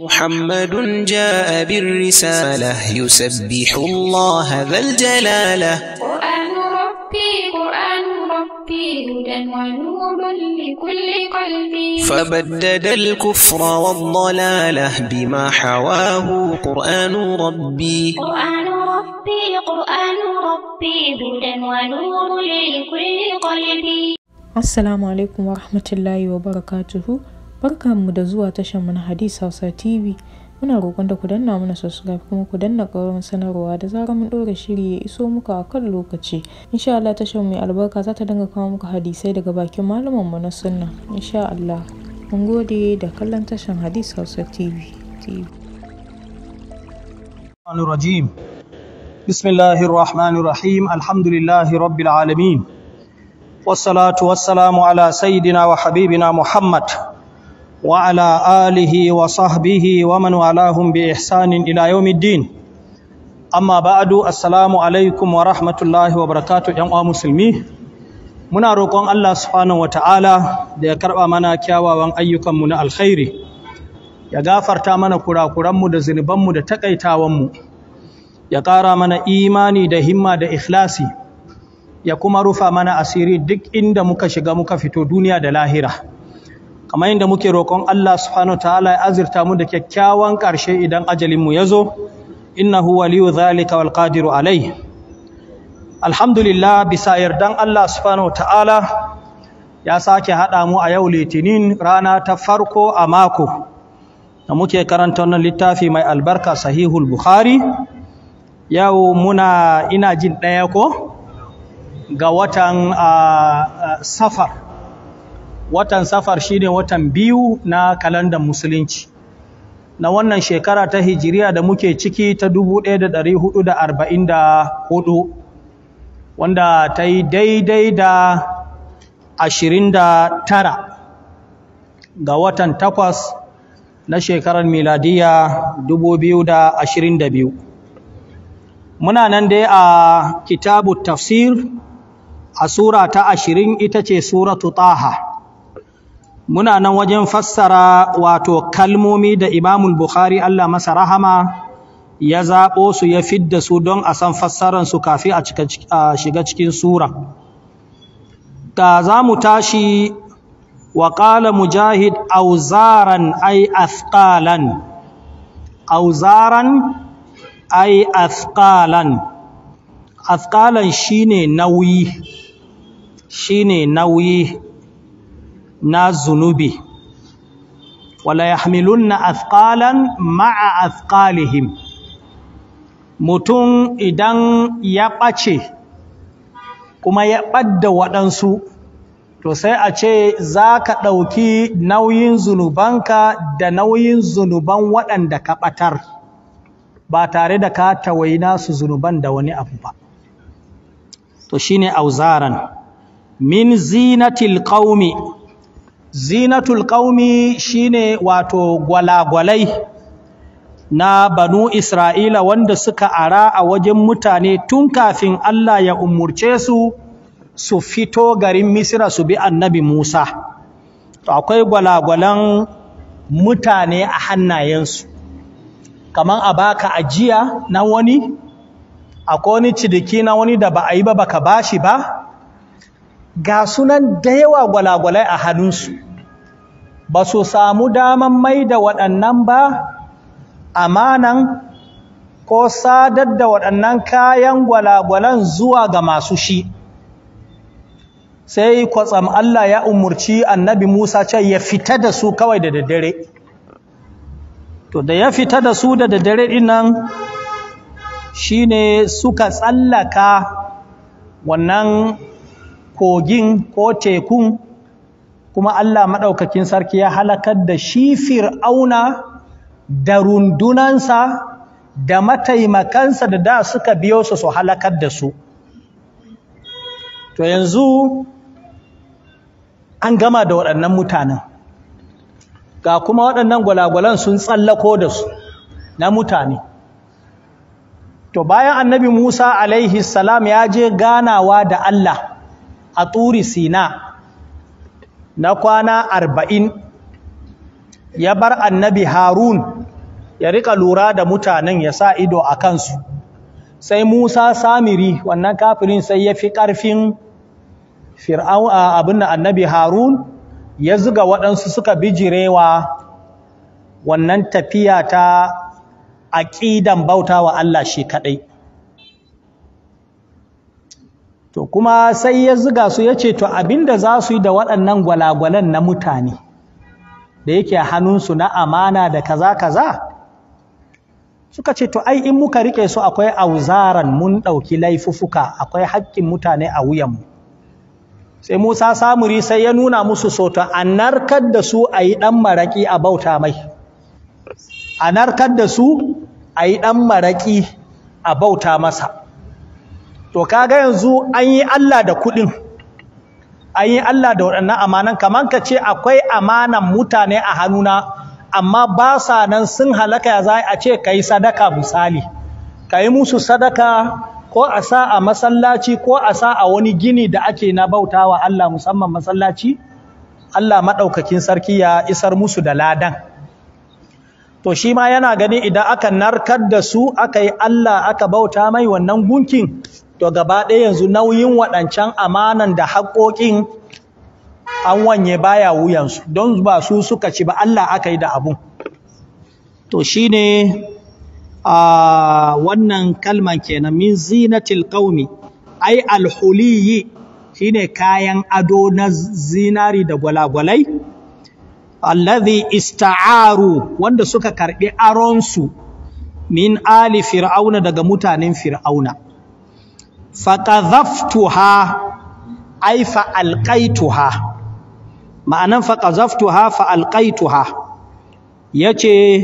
محمد جاء بالرسالة يسبح الله ذا الجلالة قرآن ربي قرآن ربي هدى ونور لكل قلبي فبدد الكفر والضلالة بما حواه قرآن ربي قرآن ربي قرآن ربي هدى ونور لكل قلبي السلام عليكم ورحمة الله وبركاته mu da zuwa tashar mu na Hadis Hausa TV. Muna roƙon da ku danna mana subscribe kuma ku danna ƙarfin sanarwa da zarar mun ɗora shiri ya iso muku a kan lokaci. Insha Allah tashan mai albarka za ta dinga kawo muka hadisai daga bakin malaman mu na sunna. Insha Allah. Mun gode da kallon tashan Hadis Hausa TV. TV. الرجيم بسم الله الرحمن الرحيم الحمد لله رب العالمين والصلاة والسلام على سيدنا وحبيبنا محمد Wa'ala Alihi wa وعلى آله وصحبه ومن والاهم بإحسان إلى Amma الدين أما بعد السلام عليكم ورحمة الله وبركاته يا Musulmi. muna roƙon Allah subhanahu wataala da ya karɓa mana kyawawan ayyukanmu na alkhairi ya gafarta mana kurakuranmu da zunubanmu da takaitawanmu ya ƙara mana imani da himma da ikhlasi ya kuma rufa mana asiri duk inda muka shiga muka fito duniya da lahira kamar yadda muke roƙon Allah subhanahu ta'ala ya azirta mu da kyakkyawan ƙarshe idan ajalin mu zo innahu waliyu zalika wal qadiru alai alhamdulillah bisa yardan Allah subhanahu ta'ala ya sake hada mu a yau litinin rana ta farko a mako da muke karanta wannan littafi mai albarka sahihul bukhari yau muna ina jin ɗaya ko ga watan ah, ah, safar watan safar shi ne watan biyu na kalandar musulunci na wannan shekara ta hijiriya da muke ciki ta 1444 wanda ta yi daidai da 29 ga watan takwas na shekarar miladiya 2022 muna nan dai a kitabu tafsir a sura ta ashirin, ita ce suratu taha muna nan wajen fassara wato kalmomi da imamul bukhari allah masa rahama ya zaɓo su ya fidda su don a san fassararsu kafin a shiga cikin sura da za mu tashi wa mujahid auzaran ai afqalan auzaran ai afqalan afqalan shine nauyi shine nauyi na zunubi wala na athqalan ma'a athqalihim mutum idan ya ɓace kuma ya ɓadda waɗansu to sai a ce za ka ɗauki nauyin zunubanka da nauyin zunuban waɗanda ka ɓatar ba tare da ka tawayi nasu zunuban da wani abu ba to shine auzaran min zinatil qaumi zinatul qaumi shine wato gwalagwalai na banu Isra'ila wanda suka ara a wajen mutane tun kafin Allah ya umurce su su fito garin Misira su bi annabi Musa. Akwai gwalagwalan mutane a hannayensu, kamar a baka ajiya na wani, akwai wani cidiki na wani da ba a yi ba baka bashi ba, ga sunan da yawa gwalagwalai a hannunsu ba su samu daman mai da waɗannan ba amanan ko sadar da waɗannan kayan gwalagwalan zuwa ga masu shi sai kwatsam Allah ya umurci annabi Musa ce ya fita da su kawai da daddare to da ya fita da su da daddare dinnan shine suka tsallaka wannan kogin ko tekun kuma Allah maɗaukakin sarki ya halakar da shi fir'auna da rundunansa da mataimakansa da da suka biyo su su halakar da su to yanzu an gama da waɗannan mutanen ga kuma waɗannan gwalagwalan sun tsallako da su na mutane to bayan annabi Musa alaihi salam ya je ganawa da Allah a turi sina na kwana arba'in ya bar annabi harun ya riƙa lura da mutanen ya sa ido a kansu sai musa samiri wannan kafirin sai ya fi ƙarfin abin annabi harun ya zuga waɗansu suka bijirewa wannan tafiya ta aƙidan bauta wa Allah shi kaɗai to kuma sai ya ziga su ya ce to abin da za su yi da waɗannan gwalagwalan na mutane da yake hannunsu na amana da kaza kaza suka ce to ai in muka rike su akwai auzaran mun ɗauki laifufuka akwai haƙƙin mutane a wuyanmu sai Musa Samuri sai ya nuna musu soto a narkar da su a yi ɗan maraƙi a bauta mai a narkar da su a yi ɗan maraƙi a bauta masa to kaga yanzu an yi Allah da kuɗin an yi Allah da waɗannan amanan kamar ka ce akwai amanan mutane a hannuna amma ba sa nan sun halaka ya za a ce ka yi sadaka misali ka yi musu sadaka ko a sa a masallaci ko a sa a wani gini da ake na bauta wa Allah musamman masallaci Allah maɗaukakin sarki ya isar musu da ladan to shi ma yana gani idan aka narkar da su aka yi Allah aka bauta mai wannan gunkin to gaba ɗaya yanzu nauyin waɗancan amanan da haƙoƙin an wanye baya wuyansu don ba su suka ci ba Allah aka yi da abun to shi ne a wannan kalman kenan min zinatil qaumi ai alhuliyi shine kayan ado na zinari da gwalagwalai allazi ista'aru wanda suka karbi aronsu min ali fir'auna daga mutanen fir'auna faƙazaftuha ai fa'alƙaituha ma'anan faƙazaftuha fa'alƙaituha ya ce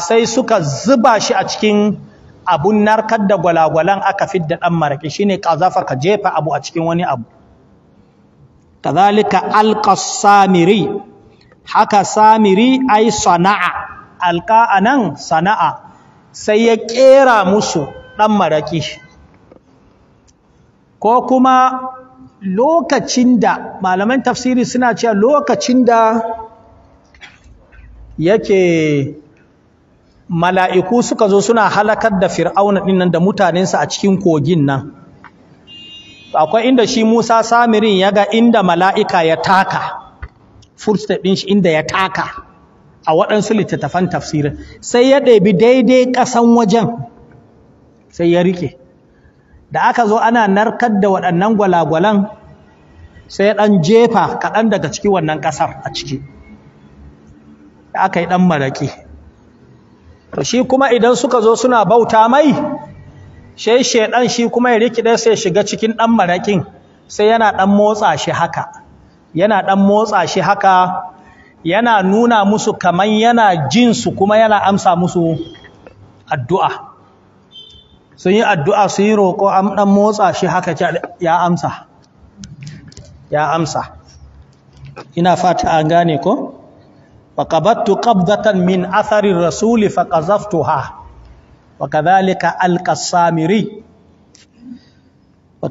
sai suka zuba shi a cikin abun narkar da gwalagwalan aka fidda ɗan maraƙi shi ne ƙazafa ka jefa abu a cikin wani abu kazalika alƙas haka samiri ai sana'a alƙa a nan sana'a sai ya ƙera musu ɗan maraƙi ko kuma lokacin da malaman tafsiri suna cewa lokacin da yake mala'iku suka zo suna halakar da fir'auna ɗin da mutanensa a cikin kogin nan akwai inda shi musa samirin ya ga inda mala'ika ya taka furta ɗin shi inda ya taka a waɗansu littattafan tafsirin sai ya ɗabi daidai ƙasan wajen sai ya rike da aka zo ana narkar da waɗannan gwalagwalan sai ɗan jefa kaɗan daga ciki wannan ƙasar a ciki da aka yi ɗan maraƙi to shi kuma idan suka zo suna bauta mai sai shaiɗan shi kuma ya rikide sai shiga cikin ɗan maraƙin sai yana ɗan motsa shi haka yana ɗan motsa shi haka yana nuna musu kaman yana jinsu kuma yana amsa musu addu'a sun yi addu'a sun yi roƙo an ɗan motsa shi haka ya amsa ya amsa ina fata an gane ko faqabattu qabdatan min athari rasuli faqazaftuha wa kadhalika alqa samiri wa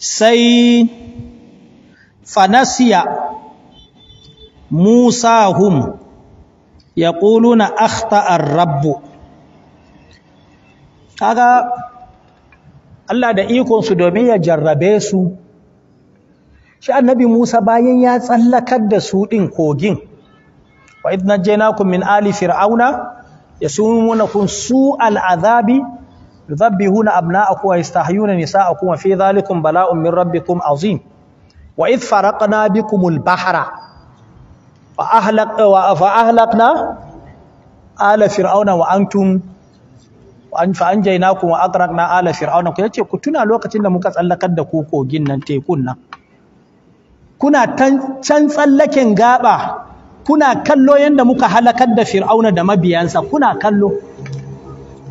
sai fanasiya Musa hum. ƙulu na afta'ar rabbu. kaga Allah da ikonsu domin ya jarrabe su shi annabi Musa bayan ya tsallakar da su ɗin kogin wa idh najaynakum min ali fir'auna yasumunakum su'al azabi yuzabbihuna abna'akum wa yastahyuna nisa'akum wa fi dhalikum bala'un min rabbikum azim wa idh faraqna bikumul bahra fa'ahalakna ala fir'auna wa antum fa'anjainakum wa agrakna ala fir'auna ku yace ku tuna lokacin da muka tsallakar da ku kogin nan tekun nan kuna can tsallaken gaba kuna kallo yanda muka halakar da fir'auna da mabiyansa kuna kallo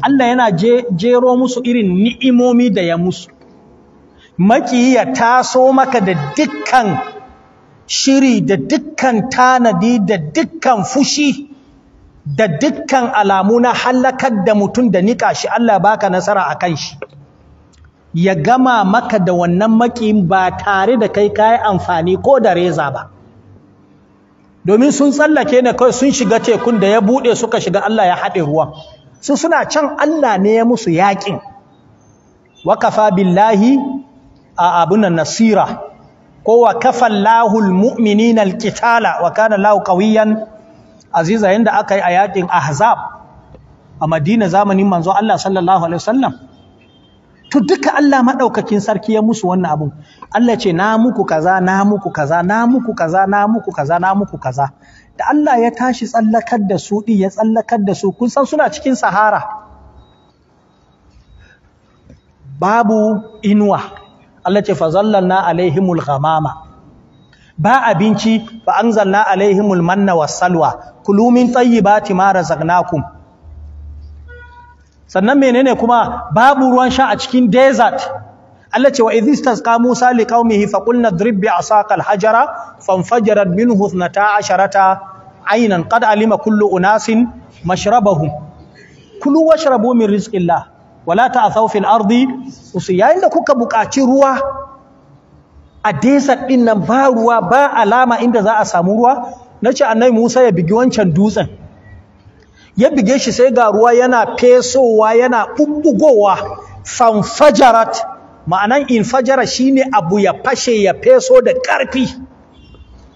Allah yana jero musu irin ni'imomi da ya musu Maƙi ya taso maka da dukkan shiri da dukkan tanadi da dukkan fushi da dukkan alamu na halakar da mutum da nika shi Allah baka nasara a kan shi ya gama maka da wannan maƙiyin ba tare da kai kayi amfani ko da reza ba domin sun tsallake ne kawai sun shiga tekun da ya buɗe suka shiga Allah ya haɗe ruwan su suna can Allah ne ya musu yaƙin wakafa billahi a abunan nasira ko wa kafallahu almu'minina alqitala wa kana Allahu qawiyan aziza yanda aka yi a yakin ahzab a Madina zamanin manzo Allah sallallahu alaihi wasallam to duka Allah madaukakin sarki ya musu wannan abun Allah ce na muku kaza na muku kaza na muku kaza na muku kaza na muku kaza da Allah ya tashi tsallakar da su ya tsallakar da su kun san suna cikin sahara babu inuwa Allah ce fazallalna alaihimul ghamama ba abinci ba anzalna alaihimul manna wassalwa kulu min tayyibati ma razaqnakum sannan menene kuma babu ruwan sha a cikin desert Allah ce wa idhis tasqa Musa liqaumihi faqulna drib bi asaqal hajara fanfajarat minhu 12 aynan qad alima kullu unasin mashrabahum kulu washrabu min rizqillah wala ta ta'thaw fil ardi yayin da kuka buƙaci ruwa a desa din nan ba ruwa ba alama inda za a samu ruwa nace annabi Musa ya bigi wancan dutsen ya bige shi sai ga ruwa yana fesowa yana bubbugowa fanfajarat ma'anan infajara shine abu ya fashe ya feso da ƙarfi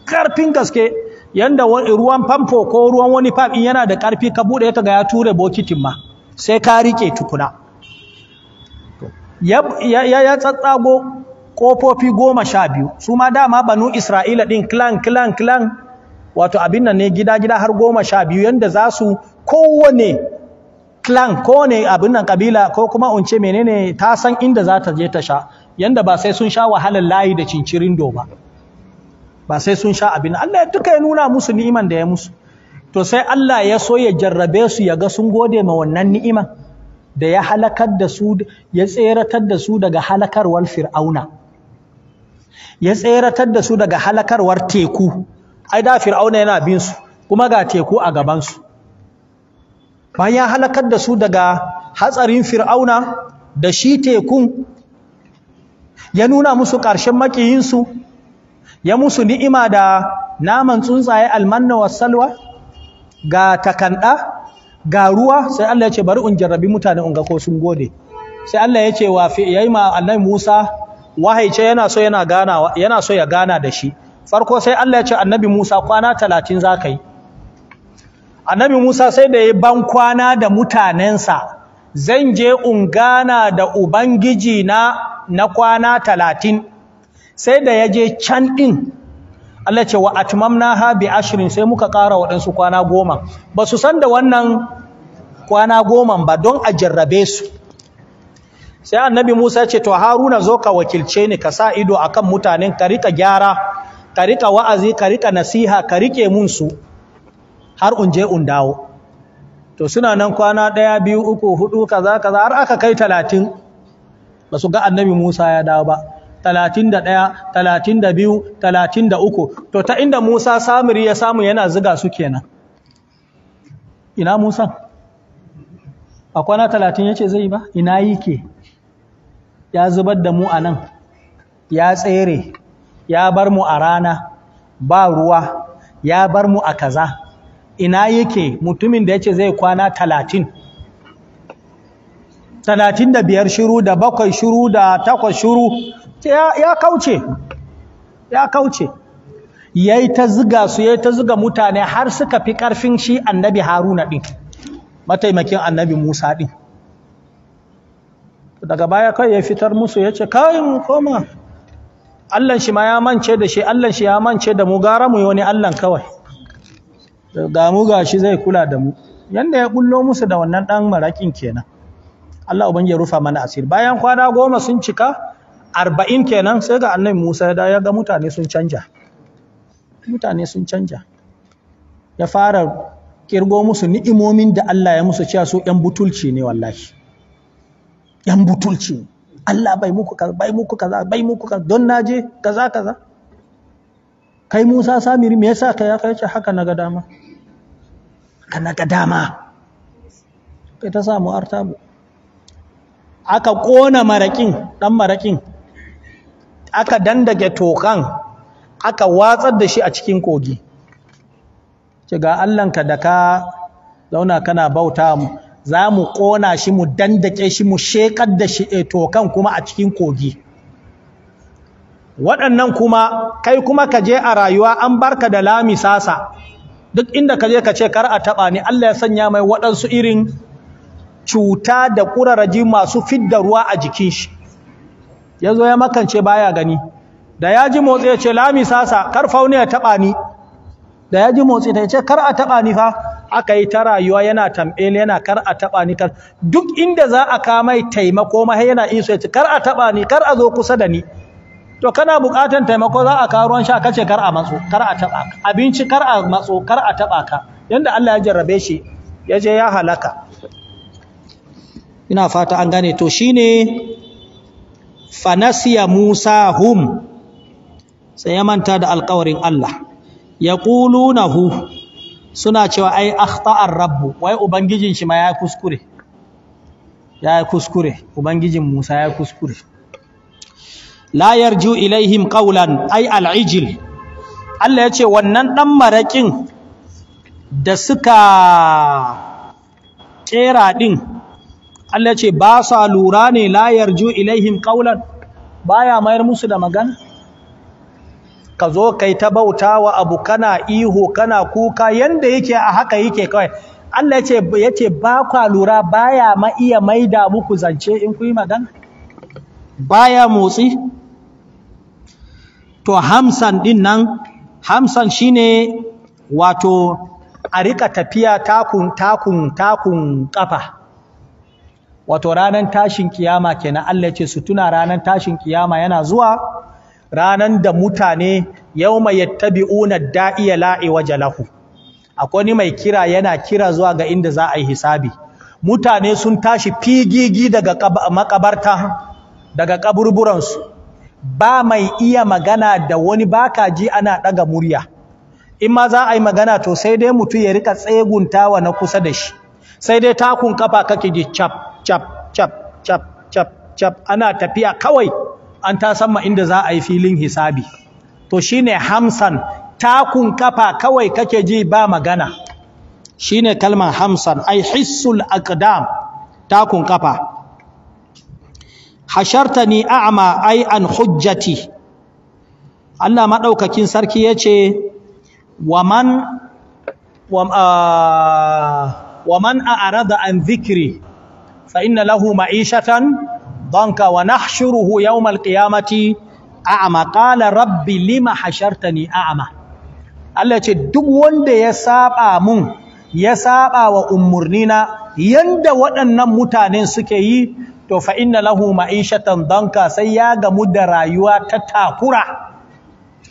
ƙarfin gaske yanda ruwan famfo ko ruwan wani fam in yana da ƙarfi ka buɗe ka ga ya ture bokitin ma sai ka riƙe tukuna ya tsatsago kofofi goma sha biyu su ma dama banu isra'ila din clan clan clan wato abin nan ne gida gida har goma sha biyu yadda za su kowane clan kowane abin nan kabila ko kuma unce menene ta san inda za ta je ta sha yadda ba sai sun sha wahalar layi da cincirin do ba ba sai sun sha abin Allah ya duka ya nuna musu ni'iman da ya musu to sai Allah ya so ya jarrabe su ya ga sun gode ma wannan ni'iman da ya halakar da su ya tseratar da su daga halakarwar fir'auna ya tseratar da su daga halakarwar teku ai da fir'auna yana bin su kuma ga teku a gaban su bayan ya halakar da su daga hatsarin fir'auna da shi tekun ya nuna musu ƙarshen makiyinsu ya musu ni'ima da naman tsuntsaye almanna wasalwa ga takanda ga ruwa sai Allah ya ce bari in jarrabi mutane in ga ko sun gode sai Allah ya ce wa fi yayi ma Allah Musa wahaice yana so yana gana yana so ya gana da shi farko sai Allah ya ce annabi Musa kwana 30 zaka yi annabi Musa sai da ya ban kwana da mutanensa zan je in gana da ubangiji na na kwana 30 sai da ya je can din Allah ce wa atmamna ha bi ashirin sai muka ƙara waɗansu kwana goma ba su san da wannan kwana goman ba don a jarrabe su sai annabi Musa ce to Haruna zo ka wakilce ni ka sa ido akan mutanen ka rika gyara ka rika wa'azi ka rika nasiha ka rike mun su har unje un dawo to suna nan kwana ɗaya biyu uku hudu kaza kaza har aka kai talatin ba su ga annabi Musa ya dawo ba 31 32 33 to ta inda Musa Samiri ya samu yana ziga su kenan ina Musa a kwana 30 yace zai ba ina ke? ya zubar da mu anan ya tsere ya bar mu a rana ba ruwa ya bar mu a kaza ina yake mutumin da yace zai kwana talatin talatin da biyar shiru da bakwai shiru da takwas shiru ya kauce ya kauce ya yi ta ziga su ya yi ta ziga mutane har suka fi ƙarfin shi annabi haruna ɗin mataimakin annabi musa ɗin daga baya kai ya fitar musu ya ce kawai mu koma allan shi ma ya mance da shi allan shi ya mance da mu gara mu yi wani allan kawai ga mu ga shi zai kula da mu yanda ya kullo musu da wannan ɗan maraƙin kenan Allah ubangi ya rufa mana asiri bayan kwana goma sun cika arba'in kenan sai ga annabi Musa da ya ga mutane sun canja mutane sun canja ya fara kirgo musu ni'imomin da Allah ya musu cewa su yan butulci ne wallahi yan butulci Allah bai muku kaza bai muku kaza bai muku kaza don naje kaza kaza kai Musa Samiri me yasa ka ya kai haka na ga dama kana ga dama kai ta samu artabu aka ƙona maraƙin ɗan maraƙin aka dandage tokan aka watsar da shi a cikin kogi ce ga allanka da ka zauna kana bauta za mu ƙona shi mu dandake shi mu shekar da shi eh, tokan kuma a cikin kogi waɗannan kuma kai kuma ka je a rayuwa an barka da lami sasa duk inda ka je ka ce kar a taɓa ni allah ya sanya mai waɗansu irin cuta da ƙurarraji masu fidda ruwa a jikin shi ya zo ya makance baya gani da ya ji motsi ya ce lami sasa kar fauni ya taɓa ni da ya ji motsi ta ce kar a taɓa ni fa aka yi ta rayuwa yana tamɓele yana kar a taɓa ni kar duk inda za a kama taimako ma yana iso ya ce kar a taɓa ni kar a zo kusa da ni to kana buƙatar taimako za a kawo ruwan sha kace kar a matso kar a taɓa ka abinci kar a matso kar a taɓa ka yanda Allah ya jarrabe shi ya je ya halaka ina fata an gane to shine fanasiya Musa hum sai ya manta da alƙawarin Allah yaqulunahu suna cewa ai akhta'ar rabbu wai ubangijin shi ma ya kuskure ya kuskure ubangijin Musa ya kuskure la yarju ilaihim qawlan ai al'ijil Allah ya ce wannan dan marakin da suka kera din Allah ce ba sa lura ne la yarju ilaihim qaulan baya mayar musu da magana ka zo kai ta bauta wa abu kana ihu kana kuka yanda yake a haka yake kai. Allah yace yace ba kwa lura baya ma iya maida muku zance in ku yi magana baya motsi to hamsan din nan hamsan shine wato a rika tafiya takun takun takun kafa wato ranar tashin kiyama kenan Allah ce su tuna ranar tashin kiyama yana zuwa ranan da mutane yawma yattabi'una da'iya la'i wajalahu akwai ni mai kira yana kira zuwa ga inda za a yi hisabi mutane sun tashi figigi daga makabarta daga kaburburansu ba mai iya magana da wani baka ji ana daga murya in ma za a yi magana to sai dai mutum ya rika tseguntawa na kusa da shi sai dai takun kafa kake ji cap cap cap cap cap cap ana tafiya kawai an ta sama inda za a yi filin hisabi to shine hamsan takun kafa kawai kake ji ba magana shine kalmar hamsan ai hissul aqdam takun kafa hashartani a'ma ai an hujjati Allah maɗaukakin sarki yace waman wa man waman ah, a'rada an zikiri. fa inna lahu ma'ishatan banka wa nahshuruhu yawmal qiyamati a'ma qala rabbi lima ne a'ma Allah ce duk wanda ya saba mun ya saba wa na yanda waɗannan mutanen suke yi to fa inna lahu ma'ishatan danka sai ya gamu da rayuwa ta takura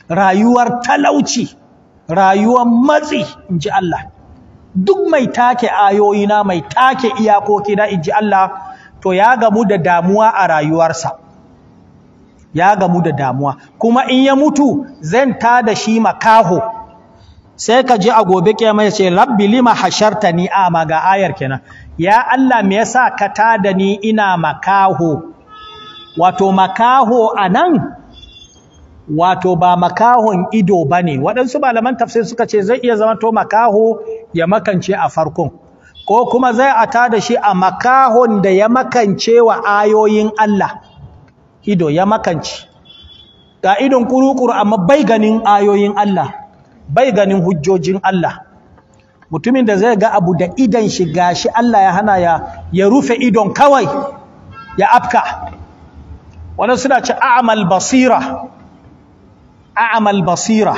rayuwar talauci rayuwar matsi inji Allah duk mai take ayoyina mai take iyakokina inji Allah to ya gamu da damuwa a rayuwarsa ya gamu da damuwa kuma in ya mutu zan ta da shi makaho sai ka ji a gobe kiyama ya ce labbi lima ni ama ga ayar kenan ya Allah me yasa ka ta da ni ina makaho wato makaho a nan? wato ba makahon ido ba ne waɗansu malaman tafsir suka ce zai iya zama to makaho ya makance a farkon ko kuma zai a da shi a makahon da ya makance wa ayoyin Allah ido ya makance ga idon kurukuru amma bai ganin ayoyin Allah bai ganin hujjojin Allah mutumin da zai ga abu da idan shi gashi Allah ya hana ya ya rufe idon kawai ya afka wani suna ci a'mal basira a'mal basira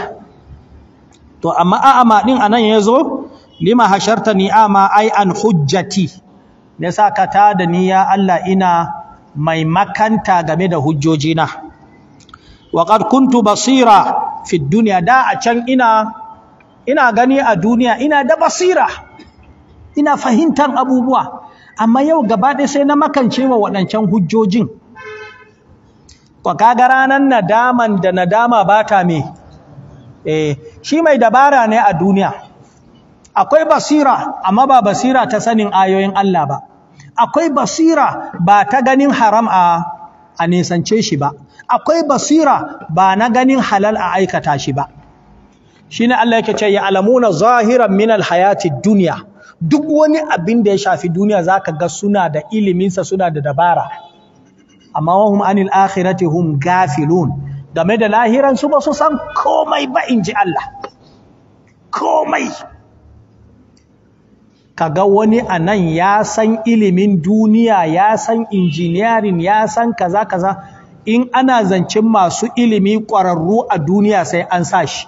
to amma a'ama din anan yazo lima hashartani a'ma ai an hujjati ne sa ka tada ni ya Allah ina mai makanta game da hujjojina wa qad kuntu basira fi dunya da a can ina ina gani a duniya ina da basira ina fahimtar abubuwa amma yau gaba ɗaya sai na makance wa waɗancan hujjojin kaga ranar nadaman da nadama ba ta me eh shi mai dabara ne a duniya akwai basira amma ba basira ta sanin ayoyin Allah ba akwai basira ba ta ganin haram a a nisance shi ba akwai basira ba na ganin halal a aikata shi ba shine Allah yake ce ya alamuna zahiran min alhayati dunya duk wani abin da ya shafi duniya zaka ga suna da iliminsa suna da dabara amma wahum anil akhirati hum gafilun game da lahiran su ba su san komai ba in ji Allah komai kaga wani a nan ya san ilimin duniya ya san injiniyarin ya san kaza kaza in ana zancen masu ilimi ƙwararru a duniya sai an sa shi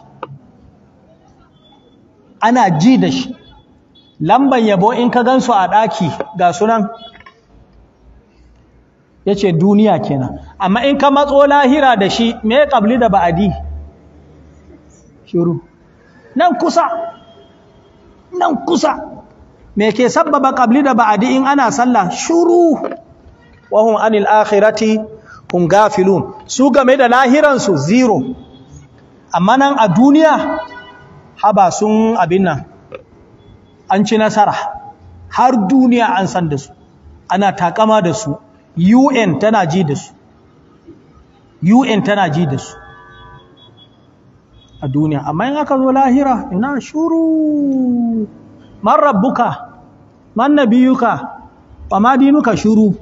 ana ji da shi lamban yabo in ka gansu a ɗaki ga sunan ya ce duniya kenan amma in ka matso lahira da shi me ƙabli da ba'adi shiru nan kusa nan kusa me ke sabbaba ƙabli da ba'adi in ana sallah shiru wahum anil akhirati hum gafilun su game da lahiransu zero amma nan a duniya haba sun abin nan an ci nasara har duniya an san da su ana takama da su UN tana ji da su UN tana ji da su a duniya amma in aka zo lahira ina shuru man rabbuka man nabiyuka wa ma dinuka shuru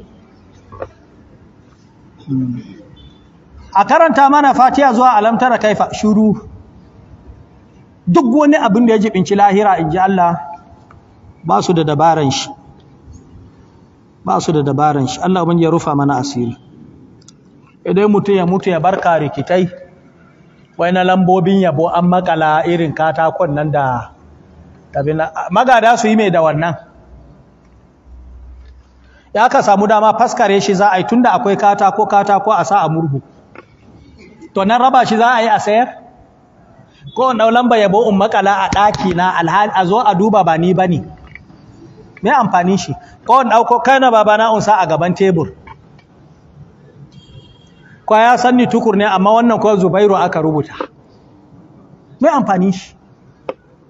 a karanta mana fatiha zuwa alamtara kaifa shuru duk wani abin da ya jibinci lahira in ji Allah ba su da dabaran shi ba su da dabaran shi Allah ubangiji ya rufa mana asiri idan mutu ya mutu ya barka rikitai wai na lambobin yabo an makala irin katakon nan da magada su yi mai da wannan ya ka samu dama faskare shi za a yi tunda akwai katako katako a sa a murhu to nan raba shi za a yi a sayar ko in lamba yabo in makala a ɗaki na alhali a zo a duba ba ni ba ne me amfani shi ko in ɗauko kana babana unsa a gaban tebur kwa ya sanni tukur ne amma wannan ko zubairu aka rubuta me amfani shi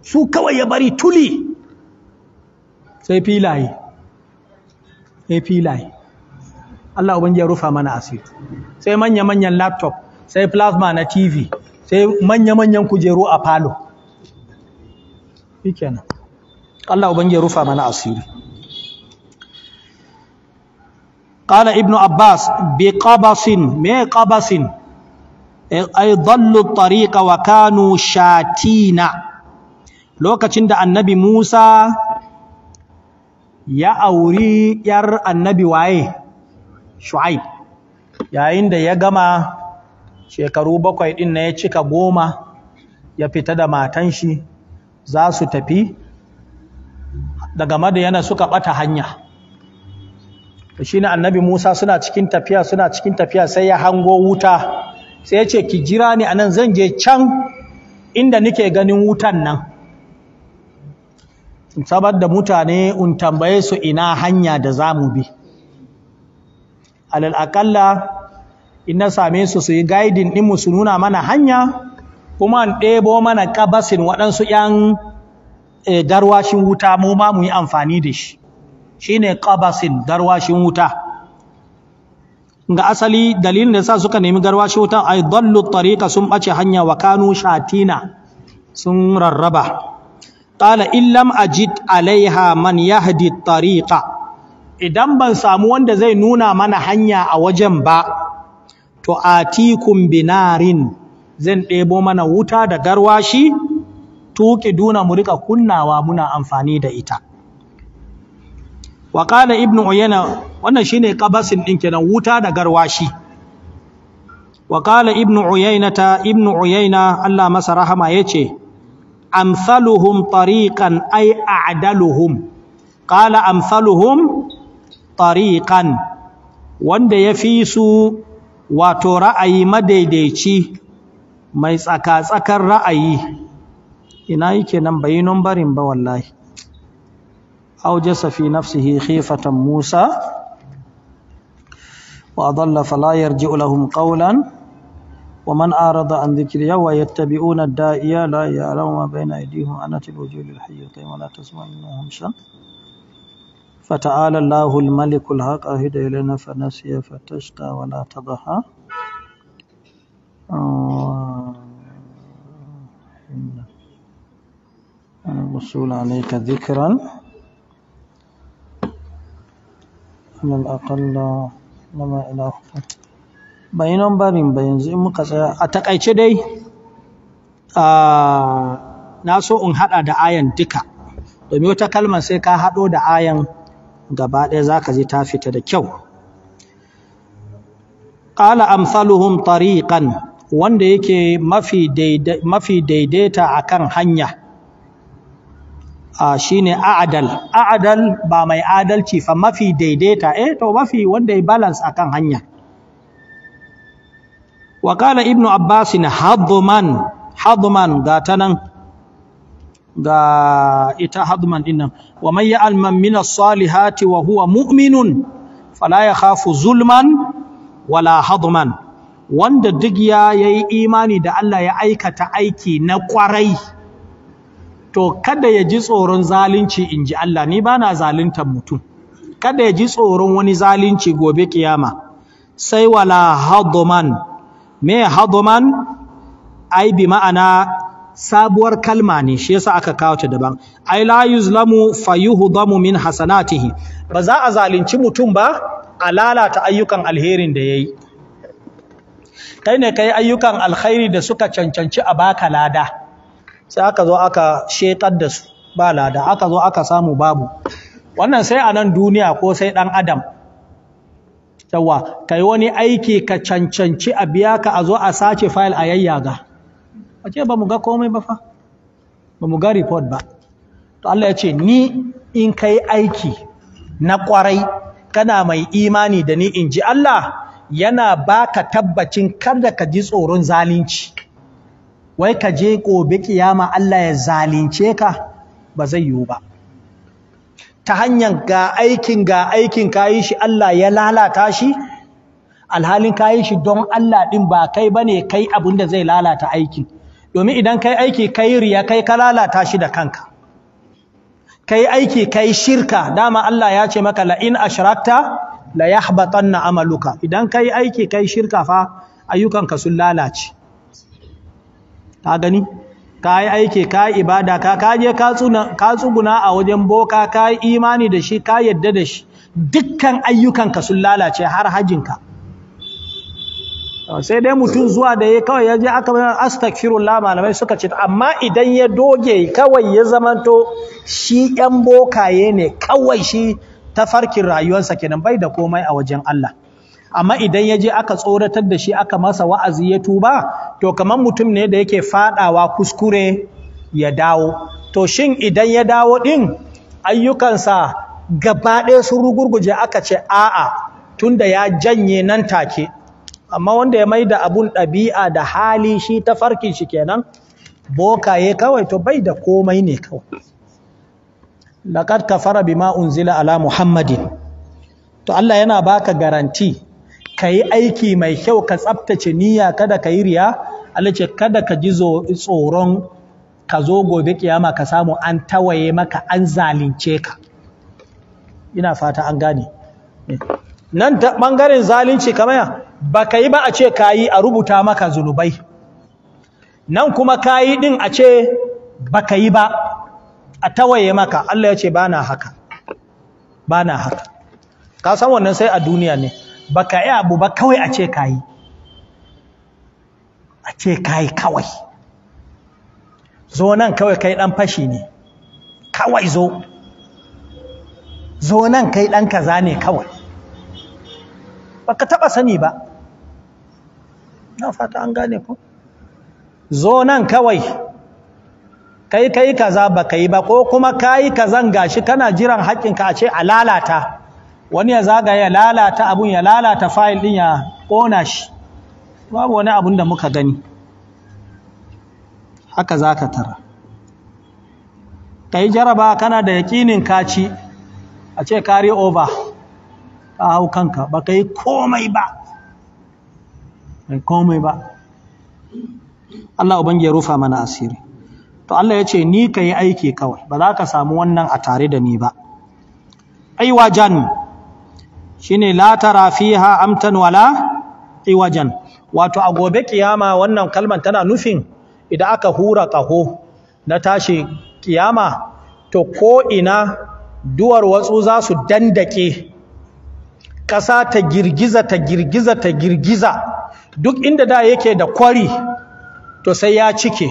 su kawai ya bari tuli sai filaye sai filaye Allah ubangi ya rufa mana asiri sai manya-manyan laptop sai plasma na tv sai manya-manyan kujeru a falo shi kenan Allah ban ya rufa mana asiri qala ibnu abbas bi qabasin me qabasin eh, Ai dallu tariqa wa kanu shatina lokacin da annabi Musa ya auri yar annabi waye shu'aib yayin da ya gama shekaru bakwai din na ya cika goma ya fita da matan shi za su tafi daga yana suka bata hanya shi ne annabi musa suna cikin tafiya suna cikin tafiya sai ya hango wuta sai ya ce ki jira ni anan zan je can inda nike ganin wutan nan sabar da mutane un tambaye su ina hanya da zamu bi alal aƙalla in na same su su yi gaidin mu su nuna mana hanya kuma an ɗebo mana kabasin waɗansu ‘yan Eh, darwashin wuta mu ma mu yi amfani da shi shine qabasin darwashin wuta ga asali dalilin da sa suka nemi garwashin wuta ay dallu tariqa sun bace hanya wa kanu shatina sun rarraba qala illam ajid alaiha man yahdi tariqa idan ban samu wanda zai nuna mana hanya a wajen ba to atikum binarin zan ɗebo mana wuta da garwashi tuƙi duna mu rika kunnawa muna amfani da ita wa qala ibnu uyana wannan shine qabasin din kenan wuta da garwashi wa qala ibnu uyainata ibnu uyaina Allah masa rahama yace amsaluhum tariqan ay a'daluhum qala amsaluhum tariqan wanda ya fi su wato ra'ayi madaidaici mai tsaka-tsakar ra'ayi ina yi kenan bai yi barin ba wallahi aujasa fi nafsihi khifatan musa wa adalla fala yarji'u lahum qawlan ومن أعرض عن ذكري ويتبعون الدائية لا يعلم ما بين أيديهم أنا الوجوه الحي القيوم ولا تسمع منهم شيئا فتعالى الله الملك الحق أهد إلينا فنسي فتشقى ولا تضحى آه. الوصول عليك ذكرا على الأقل لما إلى bayanan babin ba yanzu in muka tsaya a takaice dai na so in hada da ayan duka domin wata kalmar sai ka hado da ayan gaba ɗaya za ka ji ta fita da kyau ƙala amsaluhum tariqan wanda yake mafi daidaita akan hanya Ah, shine a'dal a'adal ba mai adalci fa mafi daidaita eh to mafi wanda ya balance akan hanya wa qala ibnu abbas hadman hadman ga tanan ga ita hadman nan wa man min as-salihati wa huwa mu'minun fala yakhafu zulman wala hadman wanda duk ya yi imani da Allah ya aikata aiki na kwarai to kada ya ji tsoron zalunci in ji Allah ni ba na zaluntar mutum kada ya ji tsoron wani zalunci gobe kiyama sai wala hadoman me hadoman ai bi ma'ana sabuwar kalma ne shi yasa aka kawo ta daban ai la yuzlamu fayuhdamu min hasanatihi ba za a zalunci mutum ba a lalata ayyukan alherin da yayi kai ne kai ayyukan alkhairi da suka cancanci a baka lada sai aka zo aka shekar da su ba lada aka zo aka samu babu wannan sai a nan duniya ko sai ɗan adam yawa kai wani aiki ka cancanci a biya ka a zo a sace fayil a yayyaga a ce ba mu ga komai ba fa ba mu ga report ba to Allah ya ce ni in kai aiki na kwarai kana mai imani da ni in ji Allah yana baka tabbacin kada ka ji tsoron zalunci wai ka je gobe kiyama Allah ya zalince ka ba zai yiwu ba ta hanyar ga aikin ga aikin kayi shi Allah ya lalata shi alhalin kayi shi don Allah din ba kai bane kai abin da zai lalata aikin domin idan kai aiki kai riya kai ka lalata shi da kanka kai aiki kai shirka dama Allah ya ce maka la in ashrakta la yahbatanna amaluka idan kai aiki kai shirka fa ayyukanka sun lalace ka gani ka yi aiki ka yi ibada ka kaje ka tsuguna a wajen boka ka yi imani da shi ka yadda da shi dukkan ayyukanka sun lalace har hajinka sai dai mutum zuwa da ya kawai ya je aka bayan astaghfirullah malamai suka ce amma idan ya doge kawai ya zamanto shi yan bokaye ne kawai shi ta tafarkin rayuwarsa kenan bai da komai a wajen Allah amma idan ya je aka tsoratar da shi aka masa wa'azi ya tuba to kamar mutum ne da yake fadawa kuskure ya dawo to shin idan ya dawo din ayyukansa gaba ɗaya sun rugurguje aka ce a'a tunda ya janye nan take amma wanda ya da abun ɗabi'a da hali shi ta farkin shi kenan bokaye kawai to bai da komai ne kawai ka kafara bima unzila ala muhammadin to Allah yana baka garanti ka yi aiki mai kyau ka tsabtace niyya kada ka yi riya Allah ce kada ka ji tsoron ka zo gobe kiyama ka samu an tawaye maka an zalunce ka ina fata an gane nan ta bangaren zalunci ba baka yi ba a ce ka yi a rubuta maka zunubai nan kuma ka yi din a ce baka yi ba a tawaye maka Allah ya ce bana haka bana haka ka san wannan sai a duniya ne baka yi abu ba kawai a ce kayi a ce kayi kawai zo nan kawai kai dan fashi ne kawai zo zo nan kai dan kaza ne kawai baka taba sani ba na fata an gane ko zo nan kawai kai kai kaza baka yi ba ko kuma kayi kazan gashi kana jiran haƙƙinka a ce a lalata wani ya zagaye ya lalata abun ya lalata fayil din ya kona shi babu wani abun da muka gani haka za ka tara ka yi jaraba kana da yakinin kaci a ce kare over ka hau kanka ba ka yi komai ba komai ba Allah ubangi ya rufa mana asiri to Allah ya ce ni ka yi aiki kawai ba za ka samu wannan a tare da ni ba aiwa jan shine la tara fiha amtan wala iwajan wato a gobe kiyama wannan kalman tana nufin idan aka hura kaho na tashi kiyama to ko ina duwar watsu za su dandake ƙasa ta girgiza ta girgiza ta girgiza duk inda da yake da kwari to sai ya cike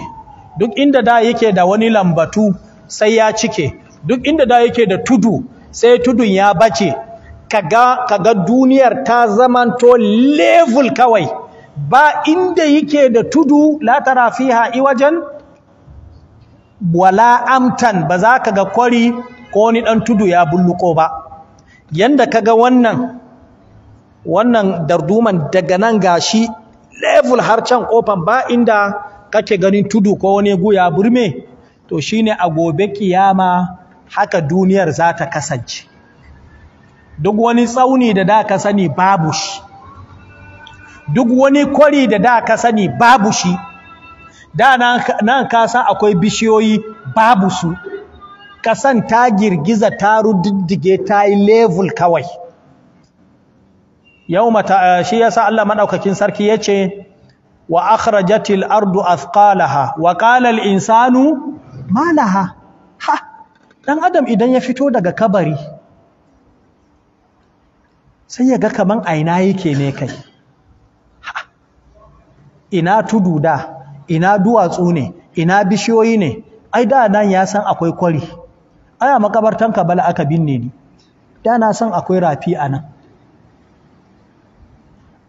duk inda da yake da wani lambatu sai ya cike duk inda da yake da tudu sai tudun ya bace kaga kaga duniyar ta zamanto level kawai ba inda yake da tudu la tara fiha wajen wala amtan ba za ka ga kwari ko ni dan tudu ya bulluko ba yanda kaga wannan wannan darduman daga nan gashi level har can kofan ba inda kake ganin tudu ko wani guya burme to shine a gobe kiyama haka duniyar za ta kasance duk wani tsauni da da ka sani babu shi duk wani kwari da da ka sani babu shi da nan ka san akwai bishiyoyi babu su kasan ta girgiza ta rududdige ta yi level kawai yau mata eh, shi yasa Allah madaukakin sarki yace wa akhrajatil ardu athqalaha wa qala al insanu ma laha ha dan adam idan ya fito daga kabari sai ya ga kaman aina yake ne kai ina tudu da ina duwatsu ne ina bishiyoyi ne ai da nan ya san akwai kwari ai a makabartan kabala aka binne ni da na san akwai rafi a nan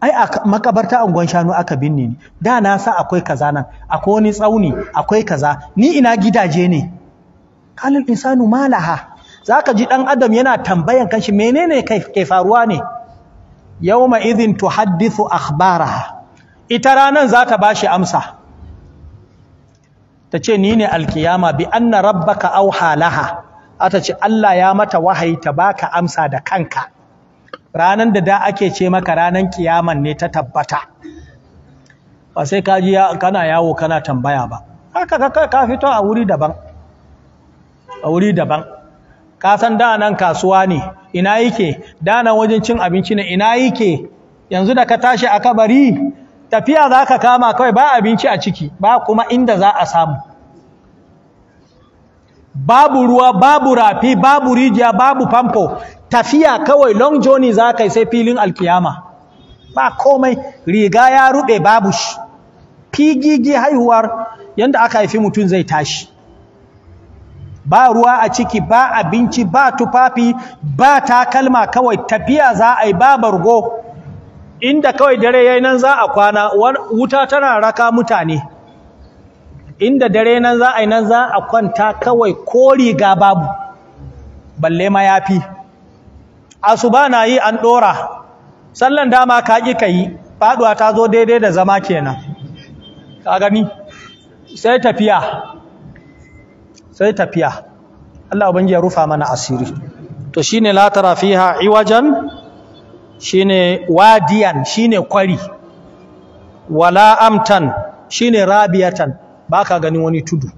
ai a makabarta angon shanu aka binne ni da na san akwai kaza nan akwai wani tsauni akwai kaza ni ina gidaje ne kalin insanu malaha zaka ji dan adam yana tambayan kanshi menene ke faruwa ne yawma idhin haddisu akhbara ita ranan zata bashi amsa tace ni ne alkiyama bi anna rabbaka auha laha ata ce Allah ya mata wahayi ta baka amsa da kanka ranan da da ake ce maka ranan kiyaman ne ta tabbata ba sai ka ji kana yawo kana tambaya ba haka ka fito a wuri daban a wuri daban ka san da nan kasuwa ne ina yake da nan wajen cin abinci ne ina yake yanzu da ka tashi a kabari tafiya za ka kama kawai ba abinci a ciki ba kuma inda za a samu babu ruwa babu rafi babu rijiya babu famfo tafiya kawai long journey za ka yi sai filin alkiyama ba komai riga ya ruɓe babu shi figigi haihuwar yadda aka haifi mutum zai tashi ba ruwa a ciki ba abinci ba tufafi ba takalma kawai tafiya za a yi ba bargo inda kawai dare yayin nan za a kwana wuta tana raka mutane inda dare nan za a yi nan za a kwanta kawai ko riga babu balle ma yafi asuba na yi an dora sallan dama ka ki kai faduwa ta zo daidai da zama kenan ka gani sai tafiya sai tafiya Allah ubangi ya rufa mana asiri to shine la tara fiha iwajan shine wadiyan shine kwari wala amtan shine rabiyatan baka ganin wani tudu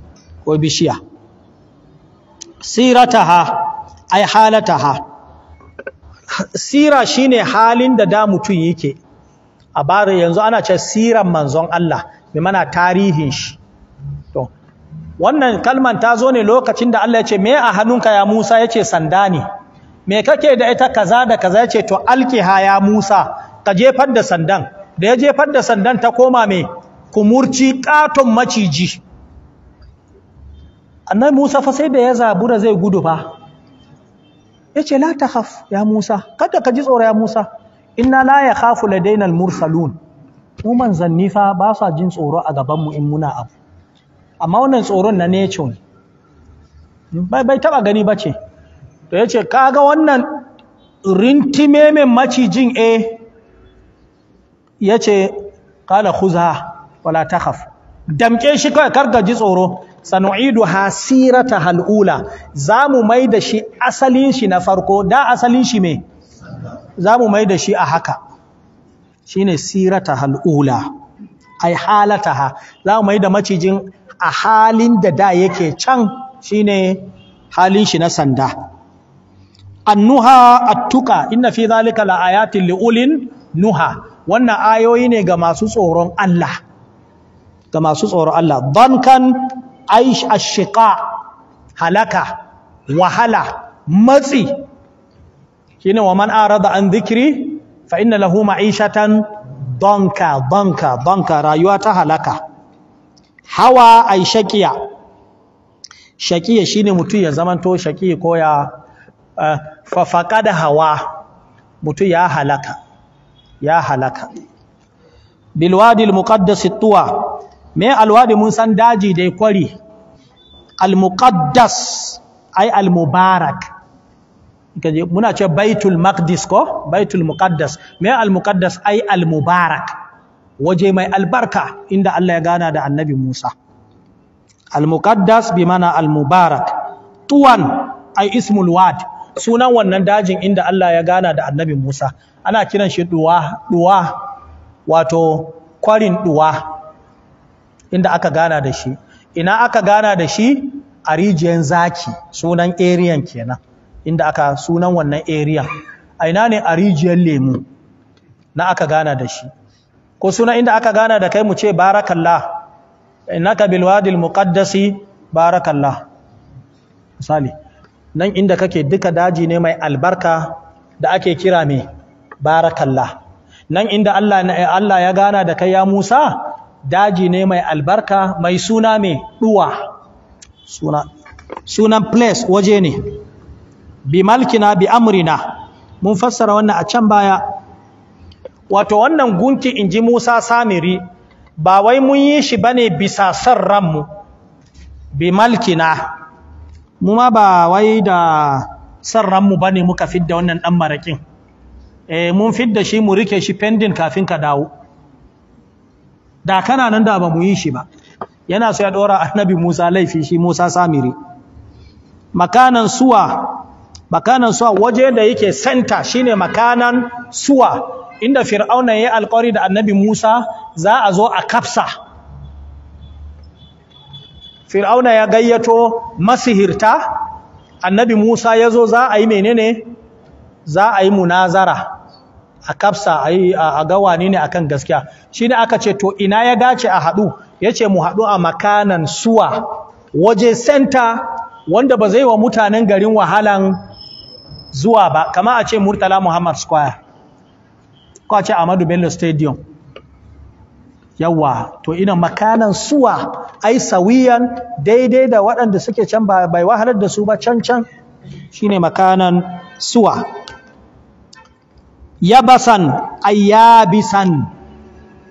ko bishiya sirataha ay halataha sira shine halin da da mutum yake a bare yanzu ana ce siran manzon Allah mai mana tarihin shi wannan kalman ta zo ne lokacin da Allah ya ce me a hannunka ya Musa ya ce sanda ne me kake da ita kaza da kaza ya ce to alkiha ya Musa ka jefar da sandan da ya jefar da sandan ta koma me kumurci katon maciji annai Musa fa sai da ya zabura zai gudu fa ce la takhaf ya Musa kada ka ji tsoro ya Musa inna la yakhafu ladaina al-mursalun mu manzanni fa ba sa jin tsoro a gaban mu in muna abu amma wannan tsoron na nature bai taba gani ba ce to ya ce kaga wannan rintimemen macijin e ya ce kala huza wala takhaf damke shi kawai karga ji tsoro sanu'idu hasirata hal'ula za mu mai da shi asalin shi na farko da asalin shi me za mu mai da shi a haka shine sirata hal'ula ai halataha za mu mai da macijin a halin da da yake can shine halin shi na sanda annuha attuka inna fi zalika laayatin liulin nuha wannan ayoyi ne ga masu tsoron Allah ga masu tsoron Allah bankan aish ashiqa halaka wahala matsi shine wa man arada an dhikri fa inna lahu ma'ishatan danka danka danka rayuwa ta halaka hawa ai shakiya shakiya shine mutum ya zamanto shaki ko ya eh, faqada hawa mutum ya halaka ya halaka bil wadi al muqaddas tuwa me al wadi mun san daji dai kwari al muqaddas ai al mubarak muna ce baitul maqdis ko baitul muqaddas me al muqaddas ai al mubarak waje mai albarka inda Allah ya gana da annabi Musa al-muqaddas bi mana al-mubarak tuwan ai ismul wad sunan wannan dajin inda Allah ya gana da annabi Musa ana kiran shi duwa duwa wato kwarin duwa inda aka gana da shi ina aka gana da shi a rijiyar zaki sunan ariyan kenan inda aka sunan wannan area a ina ne a rijiyar lemu na aka gana da shi ko suna inda aka gana da kai mu ce barakallah innaka bil wadil muqaddasi barakallah misali nan inda kake duka daji ne mai albarka da ake kira me barakallah nan inda Allah Allah ya gana da kai ya Musa daji ne mai albarka mai suna me duwa suna sunan place waje ne bi malkina bi amrina mun fassara wannan a can baya wato wannan gunki in ji Musa Samiri ba wai mun yi shi bane bisa san ranmu bi malkina mu ma ba wai da san ranmu bane muka fidda wannan dan marakin eh mun fidda shi mu rike shi pending kafin ka dawo da kana nan da ba mu yi shi ba yana so ya dora annabi Musa laifi shi Musa Samiri makanan suwa makanan suwa waje da yake center shine makanan suwa inda fir'auna ya yi alkawari da annabi musa za a zo a kafsa fir'auna ya gayyato masihirta annabi musa ya zo za a yi menene za a yi munazara a kafsa a ga wane ne akan gaskiya shi ne aka ce to ina ya dace a haɗu ya ce mu haɗu a makanan suwa waje senta wanda ba zai wa mutanen garin wahalan zuwa ba kama a ce murtala muhammad square ko a ce Ahmadu Bello Stadium yawa to ina makanan suwa ai sawiyan daidai da waɗanda suke can bai wahalar da su ba can can shine makanan suwa yabasan ayyabisan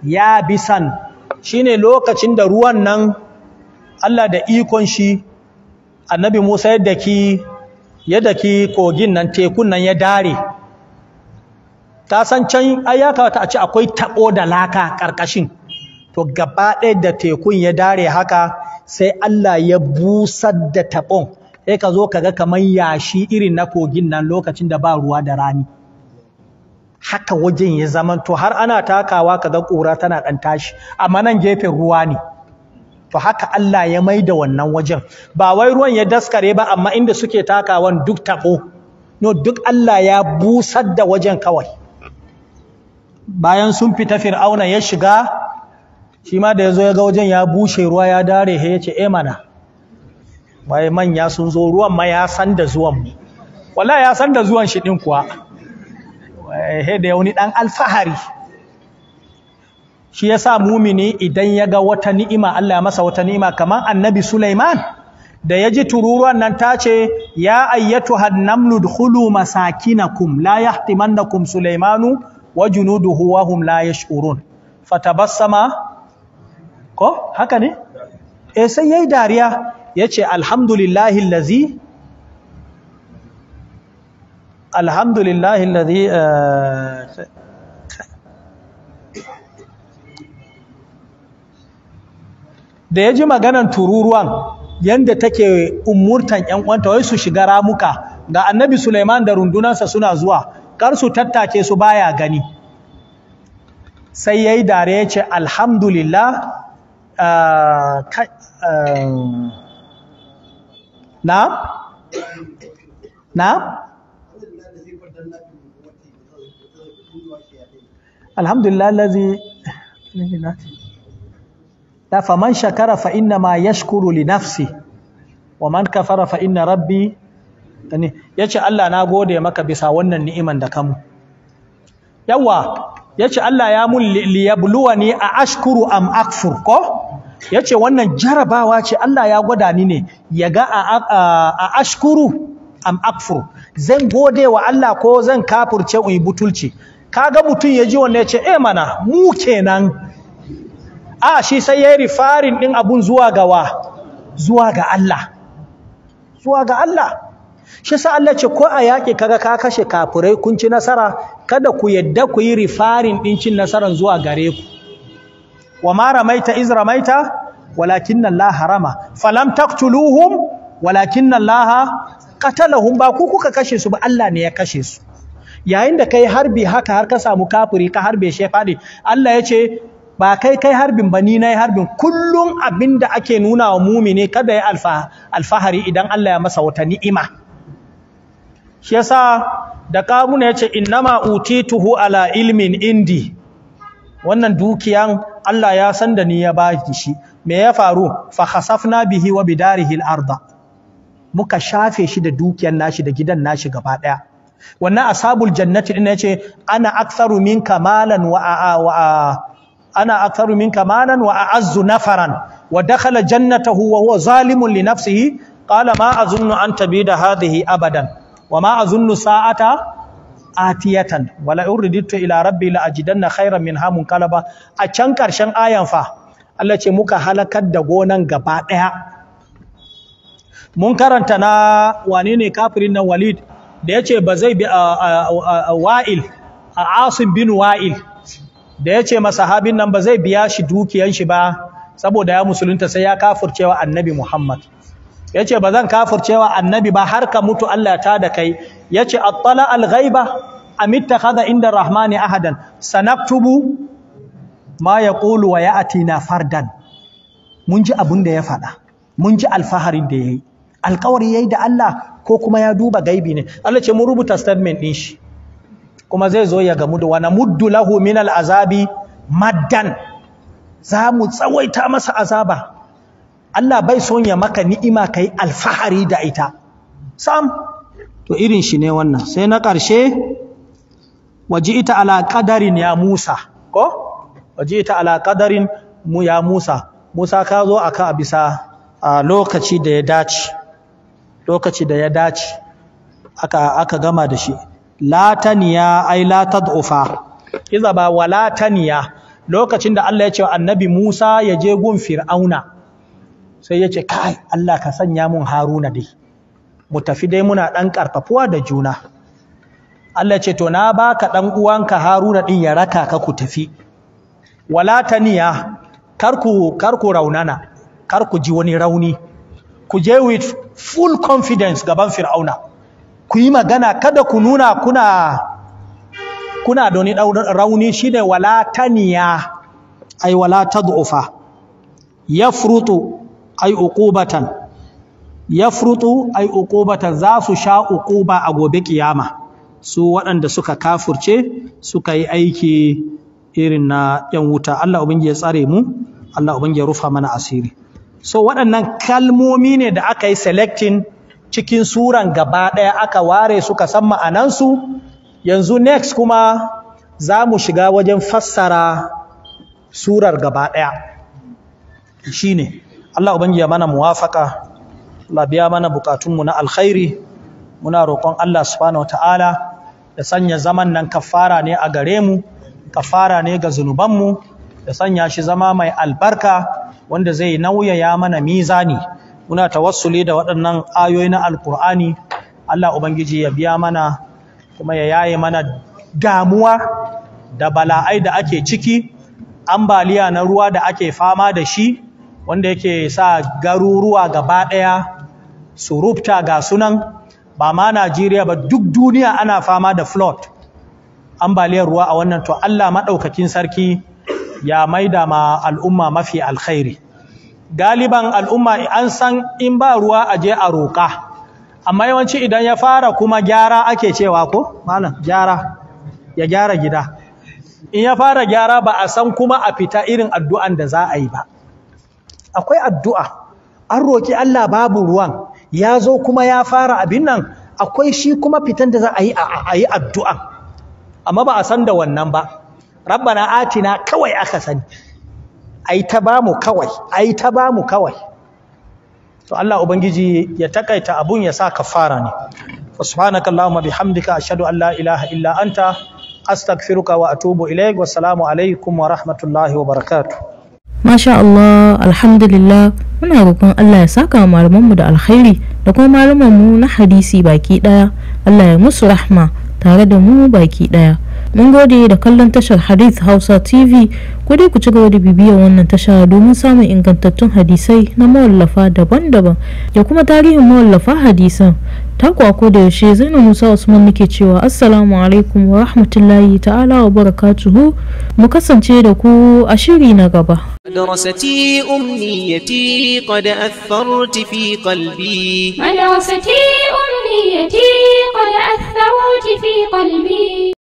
yabisan shine lokacin da ruwan nan Allah da ikon shi annabi Musa yadda ki yadda ki kogin nan tekun nan ya dare ta san can ai ya kawata a ce akwai tabo da laka karkashin to gaba ɗaya da tekun ya dare haka sai Allah ya busar da tabon sai ka zo kaga kamar yashi irin na kogin nan lokacin da ba ruwa da rani haka wajen ya zama to har ana takawa kaga ƙura tana ɗan tashi amma nan gefen ruwa ne to haka Allah ya mai da wannan wajen ba wai ruwan ya daskare ba amma inda suke takawan duk tabo no duk Allah ya busar da wajen kawai bayan sun fita fir'auna ya shiga shi ma da ya zo ya ga wajen ya bushe ruwa ya dare he ya ce e mana waye manya sun zo ruwan ma ya san da zuwan mu walla ya san da zuwan shi din kuwa he da wani dan alfahari shi yasa mumini idan ya ga wata ni'ima Allah ya masa wata ni'ima kamar annabi Sulaiman da ya ji tururuwan nan ta ce ya ayyatu hannamlu dkhulu masakinakum la yahtimannakum sulaimanu wa junuduhu wa hum la yash'urun fatabassama ko haka ne eh sai yayi dariya yace alhamdulillahi allazi alhamdulillahi allazi eh, da ya ji maganan tururuwan yadda take umurtan ‘yan uwanta wai su shiga ramuka ga annabi Suleiman da rundunansa suna zuwa kar tattace su baya gani sai ya yi dare ya ce alhamdulillah eh, eh, na na alhamdulillah lazi da faman shakara fa'in na ma yashkuru li linafsi, wa man kafara fa inna rabbi ya ce Allah na gode maka bisa wannan ni'iman da kamu yawa ya Allah ya mun liyabluwani a ashkuru am akfur ko ya wannan jarabawa ce Allah ya gwada ni ne ya ga a ashkuru am akfur zan gode wa Allah ko zan kafurce in butulci kaga mutum ya ji wannan ya ce eh mana mu kenan a shi sai yayi rifarin ɗin abun zuwa ga zuwa ga Allah zuwa ga Allah shi sa Allah ce ko a yaƙi kaga ka kashe kafurai kun ci nasara kada ku yadda ku yi rifarin ɗin cin nasaran zuwa gare ku wa ma ramaita iz ramaita walakin Allah harama falam taqtuluhum walakin Allah qatalahum ba ku kuka kashe su ba Allah ne ya kashe su yayin da kai harbi haka har ka samu kafiri ka harbe shi faɗi Allah ya ce ba kai kai harbin ba ni na harbin kullum abinda ake nuna wa mumine kada ya alfahari idan Allah ya masa wata ni'ima shi yasa da kamuna yace innama utituhu ala ilmin indi wannan dukiyan Allah ya san da ni ya baki shi me ya faru fa khasafna bihi wa bidarihi al-arda muka shafe shi da dukiyan nashi da gidan nashi gaba daya wannan asabul jannati din yace ana aktharu minka malan wa wa ana aktharu minka malan wa a'azzu nafaran wa dakhala jannatahu wa huwa zalimun li nafsihi qala ma azunnu an tabida hadhihi abadan wa ma azunnu sa'ata atiyatan wala uriditu ila rabbi la ajidanna khayran min hamun kalaba a can karshen ayan fa Allah ce muka halakar da gonan gaba daya mun karanta na wane ne kafirin nan Walid da yace ba zai bi Wa'il Asim bin Wa'il da yace masahabin nan ba zai biya shi dukiyan shi ba saboda ya musulunta sai ya kafircewa Annabi Muhammad yace ba zan bazan kafircewa annabi ba har ka mutu Allah ta da kai yace attala al-ghaiba am ittakhadha inda rahmani ahadan sanaktubu ma yaqulu wa fardan mun ji abun da ya faɗa mun ji alfaharin da yayi alƙawari yayi da Allah ko kuma ya duba gaibi ne Allah ce mun rubuta statement din shi kuma zai zo ya gamu da Wana muddu lahu min al-azabi maddan za mu tsawaita masa azaba Allah bai son ya maka ni'ima kai alfahari da ita sam to irin shi ne wannan sai na ƙarshe waji ita ala qadarin ya Musa ko waji ita ala qadarin mu ya Musa Musa ka zo aka a bisa a lokaci da ya dace lokaci da ya dace aka aka gama da shi lataniya ai la tad'ufa iza ba taniya. lokacin da Allah ya ce annabi Musa ya je gun Fir'auna sai ya ce kai Allah ka sanya mun haruna dai mu tafi dai muna ɗan karfafuwa da juna Allah ce to na baka ɗan uwanka haruna din ya raka ka ku tafi wala taniya karku karku raunana karku ji wani rauni ku je with full confidence gaban fir'auna ku yi magana kada ku nuna kuna kuna da wani rauni shine wala taniya ai wala tad'ufa yafrutu ai uqubatan yafrutu ai uqubatan za su sha uquba a gobe kiyama su waɗanda suka kafurce suka yi aiki irin na yan wuta Allah ubangiji ya tsare mu Allah ubangiji ya rufa mana asiri so waɗannan kalmomi ne da aka yi selecting cikin suran gaba ɗaya aka ware suka san ma'anansu yanzu next kuma za mu shiga wajen fassara surar gaba ɗaya shi ne Allah ubangi ya mana muwafaka Allah biya mana bukatunmu na alkhairi muna roƙon Allah subhanahu wataala da sanya zaman nan kafara ne a gare mu kafara ne ga mu, da sanya shi zama mai albarka wanda zai nauyaya mana mizani muna tawassuli da waɗannan ayoyi na alkur'ani Allah ubangiji ya biya mana kuma ya yaye mana damuwa da bala'ai da ake ciki ambaliya na ruwa da ake fama da shi wanda yake sa garuruwa gaba ɗaya su rubta ga sunan ba ma Najeriya ba duk duniya ana fama da flood ambaliyar ruwa a wannan to Allah maɗaukakin sarki ya maida ma al'umma mafi alkhairi galiban al'umma an san in ba ruwa a je a roƙa amma yawanci idan ya fara kuma gyara ake cewa ko malam gyara ya gyara gida in ya fara gyara ba a san kuma a fita irin addu'an da za a yi ba akwai addu'a an roƙi Allah babu ruwan ya zo kuma ya fara abin nan akwai shi kuma fitan da za a yi addu'a amma ba a san da wannan ba rabbana atina kawai aka sani ai ta bamu kawai ai ta bamu kawai to Allah ubangiji ya takaita abun ya sa kafara ne subhanakallahumma bihamdika ashhadu an la ilaha illa anta astaghfiruka wa atubu alaikum wa rahmatullahi wa masha Allah alhamdulillah muna roƙon Allah ya saka malamanmu da alkhairi da kuma malamanmu na hadisi baki daya Allah ya musu rahma tare da mu baki daya mun gode da kallon tashar hadith hausa tv ku ku ci gaba da bibiyar wannan tasha domin samun ingantattun hadisai na mawallafa daban-daban da kuma tarihin mawallafa hadisan takwa ko da yaushe zainab musa usman nake cewa assalamu alaikum wa rahmatullahi ta'ala wa barakatuhu mu kasance da ku a shiri na gaba madrasati umniyati qad atharti fi qalbi madrasati umniyati qad atharti fi qalbi